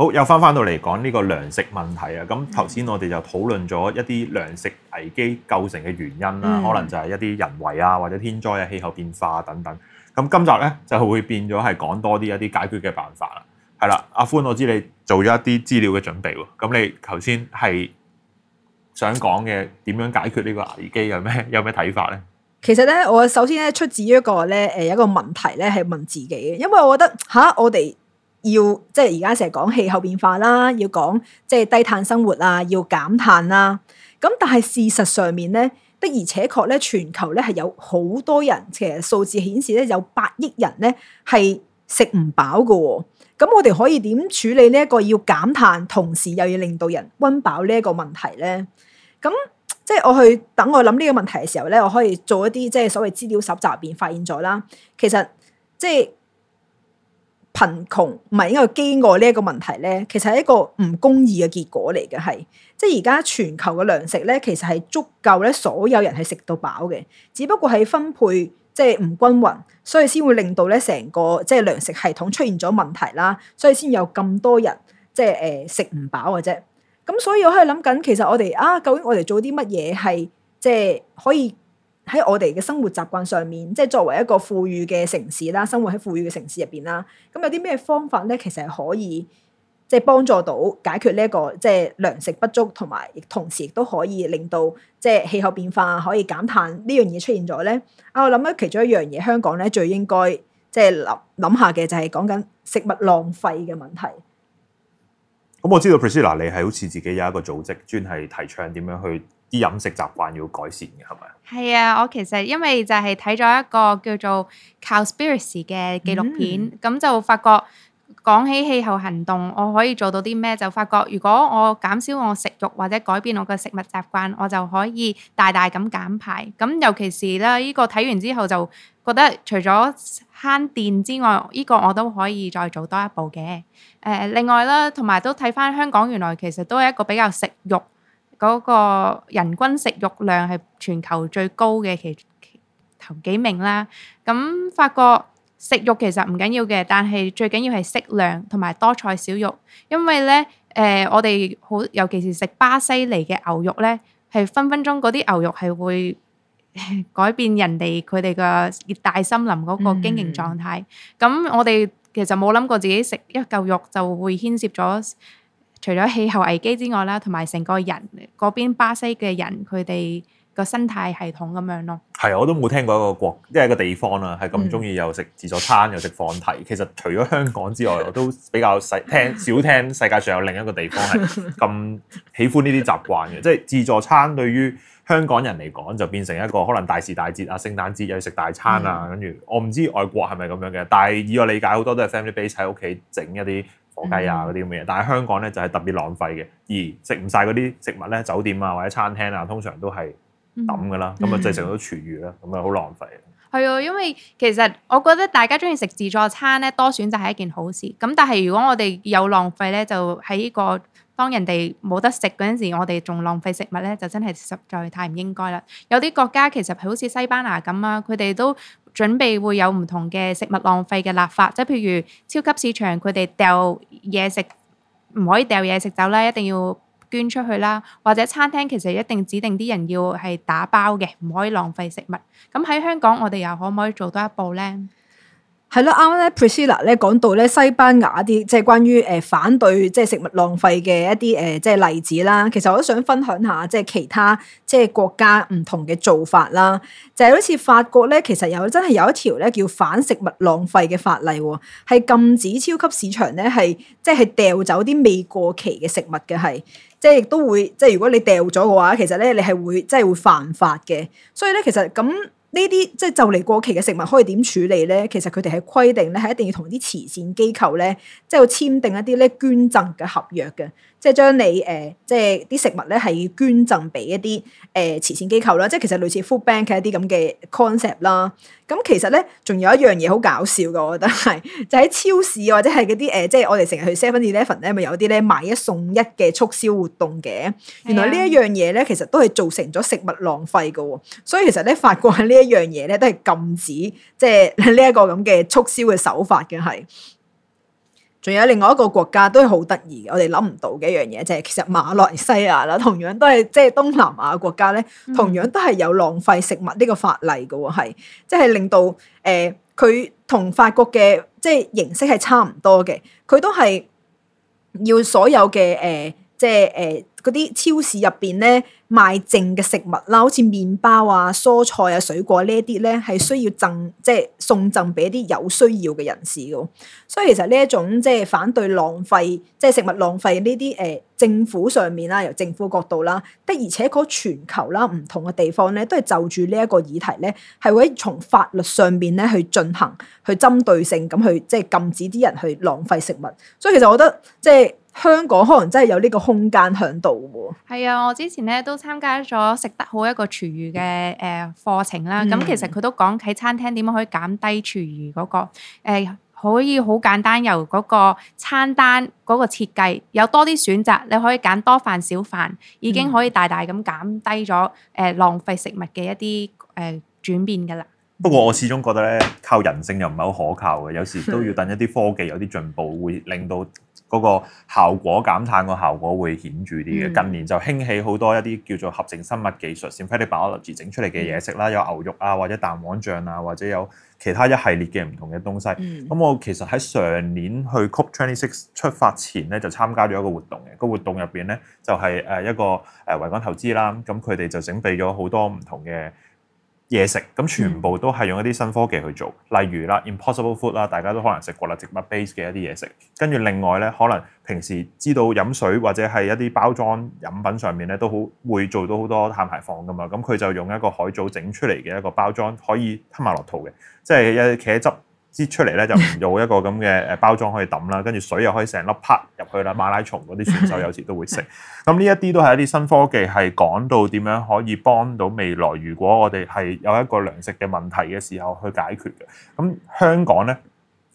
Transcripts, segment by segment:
好，又翻翻到嚟講呢個糧食問題啊！咁頭先我哋就討論咗一啲糧食危機構成嘅原因啦，嗯、可能就係一啲人為啊，或者天災啊、氣候變化等等。咁今集咧就會變咗係講多啲一啲解決嘅辦法啦。係啦，阿歡，我知你做咗一啲資料嘅準備，咁你頭先係想講嘅點樣解決呢個危機？有咩有咩睇法咧？其實咧，我首先咧出自於一個咧誒、呃、一個問題咧係問自己嘅，因為我覺得吓我哋。要即係而家成日講氣候變化啦，要講即係低碳生活啊，要減碳啦。咁但係事實上面咧，的而且確咧，全球咧係有好多人，其實數字顯示咧有八億人咧係食唔飽噶。咁我哋可以點處理呢一個要減碳，同時又要令到人溫飽呢一個問題咧？咁即係我去等我諗呢個問題嘅時候咧，我可以做一啲即係所謂資料搜集入邊發現咗啦。其實即係。貧窮唔係應該飢餓呢一個問題咧，其實係一個唔公義嘅結果嚟嘅，係即係而家全球嘅糧食咧，其實係足夠咧所有人係食到飽嘅，只不過係分配即係唔均勻，所以先會令到咧成個即係糧食系統出現咗問題啦，所以先有咁多人即係誒、呃、食唔飽嘅啫。咁所以我喺度諗緊，其實我哋啊，究竟我哋做啲乜嘢係即係可以？喺我哋嘅生活習慣上面，即係作為一個富裕嘅城市啦，生活喺富裕嘅城市入邊啦，咁有啲咩方法咧？其實係可以即係幫助到解決呢一個即係糧食不足，同埋亦同時亦都可以令到即係氣候變化可以減碳呢樣嘢出現咗咧。啊，我諗咧，其中一樣嘢，香港咧最應該即係諗諗下嘅，就係講緊食物浪費嘅問題。咁、嗯、我知道，Priscilla，你係好似自己有一個組織，專係提倡點樣去。啲飲食習慣要改善嘅係咪？係啊，我其實因為就係睇咗一個叫做《Cowspiracy》嘅紀錄片，咁、嗯、就發覺講起氣候行動，我可以做到啲咩？就發覺如果我減少我食肉或者改變我嘅食物習慣，我就可以大大咁減排。咁尤其是咧，呢、呢個睇完之後就覺得除咗慳電之外，呢、呢個我都可以再做多一步嘅。誒、呃，另外啦，同埋都睇返香港原來其實都係一個比較食肉。嗰個人均食肉量係全球最高嘅其，其，其頭幾名啦，咁、嗯、發覺食肉其實唔緊要嘅，但係最緊要係適量同埋多菜少肉，因為咧誒、呃，我哋好尤其是食巴西尼嘅牛肉咧，係分分鐘嗰啲牛肉係會改變人哋佢哋嘅熱帶森林嗰個經營狀態。咁、嗯、我哋其實冇諗過自己食一嚿肉就會牽涉咗。除咗氣候危機之外啦，同埋成個人嗰邊巴西嘅人，佢哋個生態系統咁樣咯。係啊，我都冇聽過一個國，即係一個地方啊，係咁鍾意又食自助餐又食放題。嗯、其實除咗香港之外，我都比較細聽少聽世界上有另一個地方係咁喜歡呢啲習慣嘅。即係 自助餐對於香港人嚟講就變成一個可能大時大節啊，聖誕節又要食大餐啊，跟住、嗯、我唔知外國係咪咁樣嘅。但係以我理解，好多都係 family base 喺屋企整一啲。計啊啲咁嘢。嗯、但係香港咧就係、是、特別浪費嘅。而食唔晒嗰啲食物咧，酒店啊或者餐廳啊，通常都係抌噶啦，咁啊製成咗廚餘啦，咁啊好浪費。係啊，因為其實我覺得大家中意食自助餐咧，多選擇係一件好事。咁但係如果我哋有浪費咧，就喺呢、這個。當人哋冇得食嗰陣時，我哋仲浪費食物咧，就真係實在太唔應該啦。有啲國家其實好似西班牙咁啊，佢哋都準備會有唔同嘅食物浪費嘅立法，即係譬如超級市場，佢哋掉嘢食，唔可以掉嘢食走啦，一定要捐出去啦，或者餐廳其實一定指定啲人要係打包嘅，唔可以浪費食物。咁喺香港，我哋又可唔可以做多一步呢？係咯，啱啱咧，Priscilla 咧講到咧西班牙啲，即係關於誒反對即係食物浪費嘅一啲誒即係例子啦。其實我都想分享下即係其他即係國家唔同嘅做法啦。就係好似法國咧，其實有真係有一條咧叫反食物浪費嘅法例，係禁止超級市場咧係即係掉走啲未過期嘅食物嘅係，即係亦都會即係如果你掉咗嘅話，其實咧你係會即係會犯法嘅。所以咧，其實咁。呢啲即係就嚟過期嘅食物可以點處理咧？其實佢哋係規定咧，係一定要同啲慈善機構咧，即係要簽訂一啲咧捐贈嘅合約嘅。即係將你誒，即係啲食物咧係要捐贈俾一啲誒慈善機構啦。即係其實類似 Food Bank 嘅一啲咁嘅 concept 啦。咁其實咧，仲有一樣嘢好搞笑嘅，我覺得係就喺超市或者係嗰啲誒，即係我哋成日去 Seven Eleven 咧，咪有啲咧買一送一嘅促銷活動嘅。原來呢一樣嘢咧，其實都係造成咗食物浪費嘅。所以其實咧，法國喺呢一樣嘢咧都係禁止即係呢一個咁嘅促銷嘅手法嘅係。仲有另外一個國家都係好得意嘅，我哋諗唔到嘅一樣嘢，就係其實馬來西亞啦，同樣都係即係東南亞國家咧，同樣都係有浪費食物呢個法例嘅喎，係即係令到誒佢同法國嘅即係形式係差唔多嘅，佢都係要所有嘅誒、呃、即係誒。呃嗰啲超市入邊咧賣剩嘅食物啦，好似麵包啊、蔬菜啊、水果、啊、呢一啲咧，係需要贈即係、就是、送贈俾啲有需要嘅人士嘅。所以其實呢一種即係、就是、反對浪費，即、就、係、是、食物浪費呢啲誒政府上面啦，由政府角度啦，的而且確全球啦唔同嘅地方咧，都係就住呢一個議題咧，係會從法律上面咧去進行去針對性咁去即係禁止啲人去浪費食物。所以其實我覺得即係。就是香港可能真係有呢個空間喺度喎。係啊，我之前咧都參加咗食得好一個廚餘嘅誒課程啦。咁、嗯、其實佢都講喺餐廳點樣可以減低廚餘嗰、嗰個、呃、可以好簡單由嗰個餐單嗰個設計有多啲選擇，你可以揀多飯少飯，已經可以大大咁減低咗誒、呃、浪費食物嘅一啲誒、呃、轉變噶啦。嗯、不過我始終覺得咧，靠人性又唔係好可靠嘅，有時都要等一啲科技有啲進步，會令到嗰個效果減碳個效果會顯著啲嘅，近年就興起好多一啲叫做合成生物技術，synthetic biology，整出嚟嘅嘢食啦，有牛肉啊，或者蛋黃醬啊，或者有其他一系列嘅唔同嘅東西。咁、mm. 我其實喺上年去 Cop Twenty Six 出發前咧，就參加咗一個活動嘅，個活動入邊咧就係、是、誒一個誒維港投資啦，咁佢哋就整備咗好多唔同嘅。嘢食，咁全部都係用一啲新科技去做，例如啦 Impossible Food 啦，大家都可能食過啦，植物 base 嘅一啲嘢食。跟住另外咧，可能平時知道飲水或者係一啲包裝飲品上面咧，都好會做到好多碳排放㗎嘛。咁佢就用一個海藻整出嚟嘅一個包裝，可以吞下落肚嘅，即係有啲茄汁。擠出嚟咧就唔用一個咁嘅誒包裝可以揼啦，跟住水又可以成粒啪入去啦。馬拉松嗰啲選手有時都會食。咁呢 一啲都係一啲新科技，係講到點樣可以幫到未來。如果我哋係有一個糧食嘅問題嘅時候去解決嘅。咁、嗯、香港咧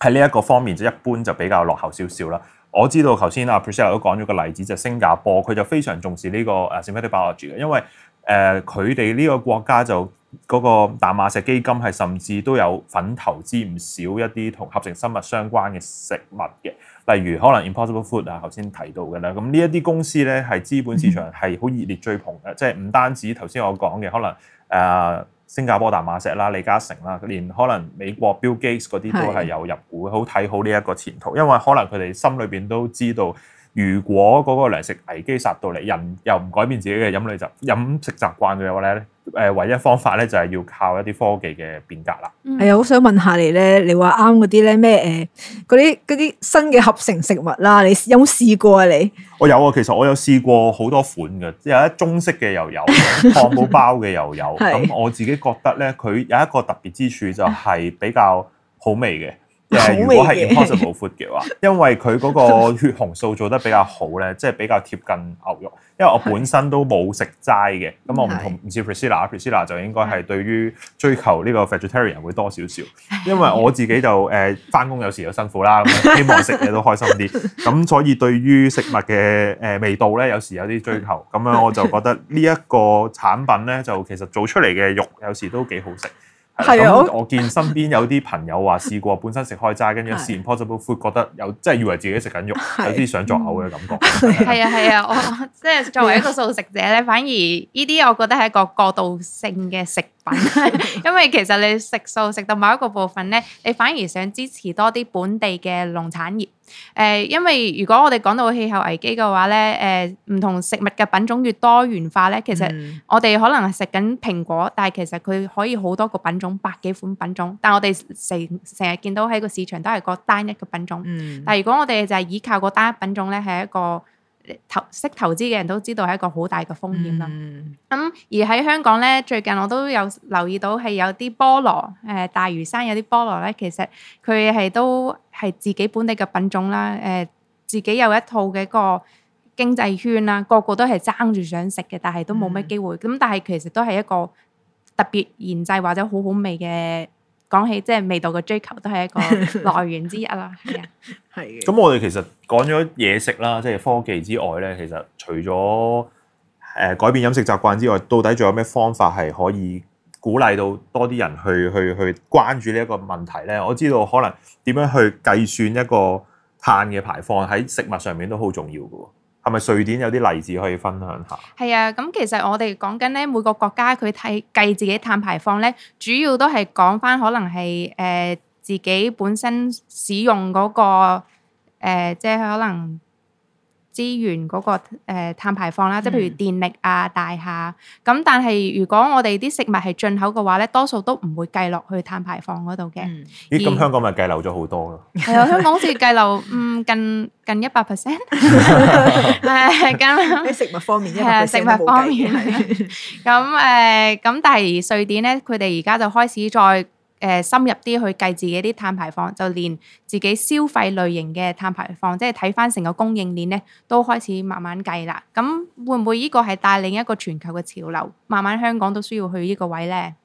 喺呢一個方面就一般就比較落後少少啦。我知道頭先阿 Priscilla 都講咗個例子就係、新加坡，佢就非常重視呢個 o synthetic biology 嘅，因為誒，佢哋呢個國家就嗰、那個淡馬錫基金係甚至都有份投資唔少一啲同合成生物相關嘅食物嘅，例如可能 Impossible Food 啊，頭先提到嘅啦。咁呢一啲公司咧，係資本市場係好熱烈追捧嘅，即係唔單止頭先我講嘅，可能誒、呃、新加坡淡馬錫啦、李嘉誠啦，連可能美國 Bill Gates 嗰啲都係有入股，的好睇好呢一個前途，因為可能佢哋心裏邊都知道。如果嗰個糧食危機殺到嚟，人又唔改變自己嘅飲食飲食習慣嘅話咧，誒唯一方法咧就係要靠一啲科技嘅變革啦。係啊，好想問下你咧，你話啱嗰啲咧咩誒？嗰啲啲新嘅合成食物啦，你有冇試過啊？你我有啊，其實我有試過好多款嘅，有一中式嘅又有漢堡包嘅又有。咁 是我自己覺得咧，佢有一個特別之處就係比較好味嘅。誒，如果係 Impossible Food 嘅話，因為佢嗰個血紅素做得比較好咧，即係比較貼近牛肉。因為我本身都冇食齋嘅，咁 我唔同唔似 Priscilla，Priscilla 就應該係對於追求呢個 vegetarian 會多少少。因為我自己就誒翻工有時有辛苦啦，希望食嘢都開心啲。咁 所以對於食物嘅誒味道咧，有時有啲追求。咁樣我就覺得呢一個產品咧，就其實做出嚟嘅肉有時都幾好食。係啊，的我見身邊有啲朋友話試過本身食開齋，跟住試完 Impossible Food 覺得有即係以為自己食緊肉，的有啲想作嘔嘅感覺。係啊係啊，我即係作為一個素食者咧，反而呢啲我覺得係一個過渡性嘅食。 因為其實你食素食到某一個部分呢，你反而想支持多啲本地嘅農產業。誒、呃，因為如果我哋講到氣候危機嘅話呢，誒、呃，唔同食物嘅品種越多元化呢，其實我哋可能係食緊蘋果，但係其實佢可以好多個品種，百幾款品種。但係我哋成成日見到喺個市場都係個單一嘅品種。但係如果我哋就係依靠個單一個品種呢，係一個。投識投資嘅人都知道係一個好大嘅風險啦。咁、嗯嗯、而喺香港呢，最近我都有留意到係有啲菠蘿，誒、呃、大嶼山有啲菠蘿呢，其實佢係都係自己本地嘅品種啦。誒、呃、自己有一套嘅一個經濟圈啦，個個都係爭住想食嘅，但係都冇咩機會。咁、嗯嗯、但係其實都係一個特別研製或者好好味嘅。講起即係味道嘅追求，都係一個來源之一啦。係啊，係 嘅。咁我哋其實講咗嘢食啦，即係科技之外咧，其實除咗誒改變飲食習慣之外，到底仲有咩方法係可以鼓勵到多啲人去去去關注呢一個問題咧？我知道可能點樣去計算一個碳嘅排放喺食物上面都好重要㗎喎。係咪瑞典有啲例子可以分享下？係啊，咁、嗯、其實我哋講緊咧，每個國家佢睇計自己碳排放咧，主要都係講翻可能係誒、呃、自己本身使用嗰個、那個、呃、即係可能。資源嗰個誒碳排放啦，即係譬如電力啊、大廈咁。但係如果我哋啲食物係進口嘅話咧，多數都唔會計落去碳排放嗰度嘅。咦？咁香港咪計漏咗好多咯？係啊，香港好似計漏嗯近近一百 percent。誒，喺食物方面，係啊，食物方面。咁誒，咁但係瑞典咧，佢哋而家就開始再。誒深入啲去計自己啲碳排放，就連自己消費類型嘅碳排放，即係睇翻成個供應鏈咧，都開始慢慢計啦。咁會唔會呢個係帶領一個全球嘅潮流？慢慢香港都需要去呢個位咧。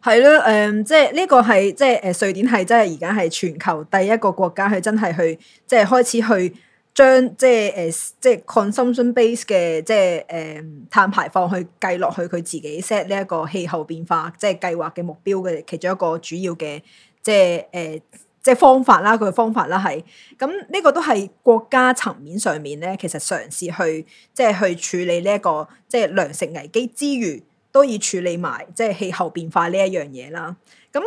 係咯，誒、呃，即係呢個係即係誒瑞典係真係而家係全球第一個國家去真係去即係開始去。將即係誒，即係、呃、consumption base 嘅即係誒、呃、碳排放去計落去佢自己 set 呢一個氣候變化即係計劃嘅目標嘅其中一個主要嘅即係誒、呃、即係方法啦，佢嘅方法啦係咁，呢個都係國家層面上面咧，其實嘗試去即係去處理呢、這、一個即係糧食危機之餘，都要處理埋即係氣候變化呢一樣嘢啦，咁。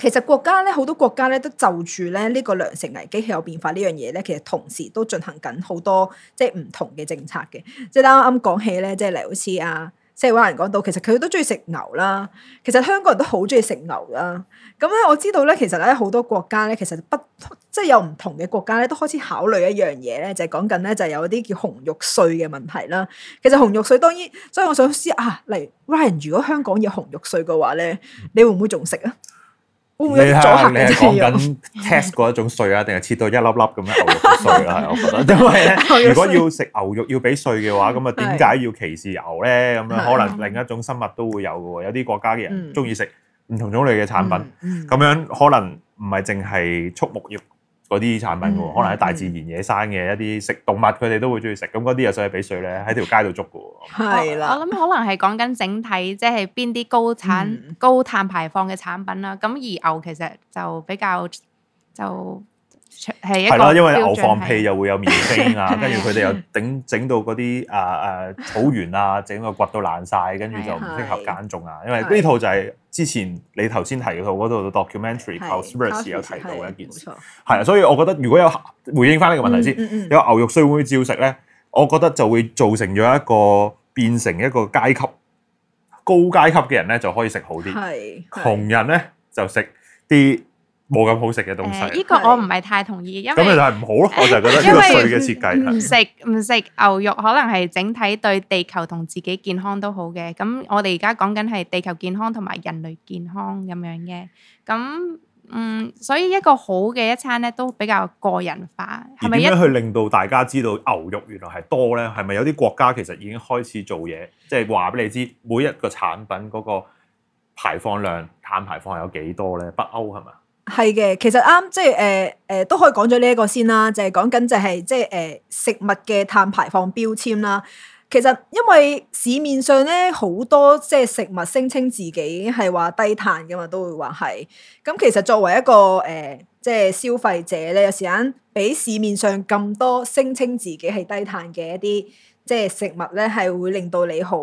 其實國家咧好多國家咧都就住咧呢個糧食危機佢有變化呢樣嘢咧，其實同時都進行緊好多即係唔同嘅政策嘅。即係啱啱講起咧，即係黎好似啊，即係 Ryan 講到，其實佢都中意食牛啦。其實香港人都好中意食牛啦。咁咧，我知道咧，其實咧好多國家咧，其實不即係有唔同嘅國家咧，都開始考慮一樣嘢咧，就係講緊咧，就係有啲叫紅肉稅嘅問題啦。其實紅肉稅當然，所以我想知啊，例如 Ryan 如果香港要紅肉稅嘅話咧，你會唔會仲食啊？你係是話，你係講緊 test 嗰種碎啊，定係切到一粒粒咁樣牛肉碎啊？係， 我覺得，因為咧， 如果要食牛肉要俾碎嘅話，咁啊點解要歧視牛咧？咁樣可能另一種生物都會有嘅喎。有啲國家嘅人中意食唔同種類嘅產品，咁 樣可能唔係淨係畜牧業。嗰啲產品嘅喎，嗯、可能喺大自然野生嘅一啲食、嗯、動物，佢哋都會中意食，咁嗰啲又所以比水咧喺條街度捉嘅喎。係啦的，我諗可能係講緊整體，即係邊啲高產、嗯、高碳排放嘅產品啦。咁而牛其實就比較就係一個。係啦，因為牛放屁又會有 methane 啊，跟住佢哋又整整到嗰啲啊啊草原啊，整個掘到爛晒。跟住就唔適合耕種啊的的。因為呢套就係。之前你頭先提到嗰度 documentary，Paul Smith 是 als 有提到一件事，係啊，所以我覺得如果有回應返呢個問題先，嗯嗯嗯、有牛肉碎會照食咧？我覺得就會造成咗一個變成一個階級高階級嘅人咧就可以食好啲，窮人咧就食啲。冇咁好食嘅東西，呢、呃呢個我唔係太同意，因為咁你就係唔好咯。我就覺得呢個稅嘅設計，唔食唔食牛肉可能係整體對地球同自己健康都好嘅。咁我哋而家講緊係地球健康同埋人類健康咁樣嘅。咁嗯，所以一個好嘅一餐咧，都比較個人化。係咪一而點樣去令到大家知道牛肉原來係多咧？係咪有啲國家其實已經開始做嘢，即係話俾你知每一個產品嗰個排放量、碳排放有幾多咧？北歐係嘛？係嘅，其實啱即係誒誒都可以講咗呢一個先啦，就係講緊就係即係誒、呃、食物嘅碳排放標籤啦。其實因為市面上咧好多即係食物聲稱自己係話低碳噶嘛，都會話係。咁其實作為一個誒、呃、即係消費者咧，有時間俾市面上咁多聲稱自己係低碳嘅一啲。即係食物咧，係會令到你好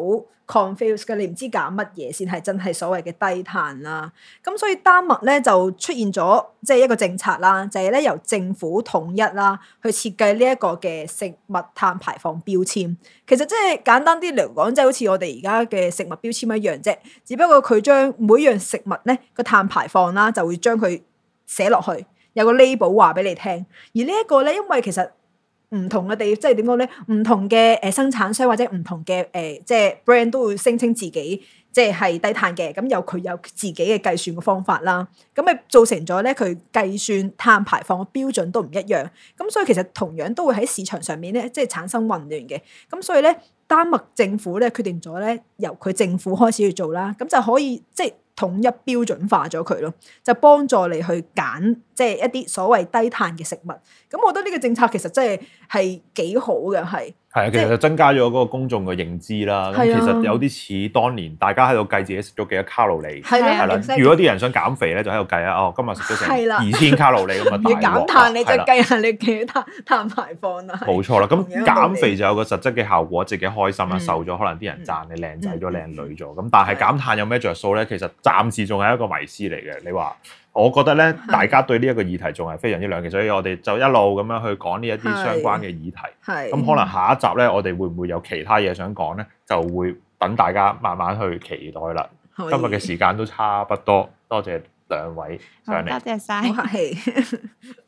confuse 嘅，你唔知揀乜嘢先係真係所謂嘅低碳啦、啊。咁所以丹麥咧就出現咗即係一個政策啦，就係、是、咧由政府統一啦去設計呢一個嘅食物碳排放標籤。其實即係簡單啲嚟講，即係好似我哋而家嘅食物標籤一樣啫，只不過佢將每樣食物咧個碳排放啦就會將佢寫落去，有個 label 話俾你聽。而呢一個咧，因為其實唔同嘅地，即係點講咧？唔同嘅誒生產商或者唔同嘅誒、呃，即係 brand 都會聲稱自己即係低碳嘅，咁由佢有自己嘅計算嘅方法啦。咁咪造成咗咧佢計算碳排放嘅標準都唔一樣。咁所以其實同樣都會喺市場上面咧，即係產生混亂嘅。咁所以咧，丹麥政府咧決定咗咧，由佢政府開始去做啦，咁就可以即係統一標準化咗佢咯，就幫助你去揀。即係一啲所謂低碳嘅食物，咁我覺得呢個政策其實真係係幾好嘅，係。係啊，其實增加咗嗰個公眾嘅認知啦，其實有啲似當年大家喺度計自己食咗幾多卡路里。係啦。係啦。如果啲人想減肥咧，就喺度計啊，哦，今日食咗成二千卡路里咁啊，要減碳，你就係計下你幾多碳排放啦。冇錯啦，咁減肥就有個實質嘅效果，自己開心啦，瘦咗可能啲人讚你靚仔咗、靚女咗。咁但係減碳有咩着數咧？其實暫時仲係一個迷思嚟嘅。你話？我覺得咧，是大家對呢一個議題仲係非常之兩極，所以我哋就一路咁樣去講呢一啲相關嘅議題。係是，咁可能下一集咧，我哋會唔會有其他嘢想講咧？就會等大家慢慢去期待啦。以今日嘅時間都差不多，多謝兩位上嚟。唔該，多謝曬。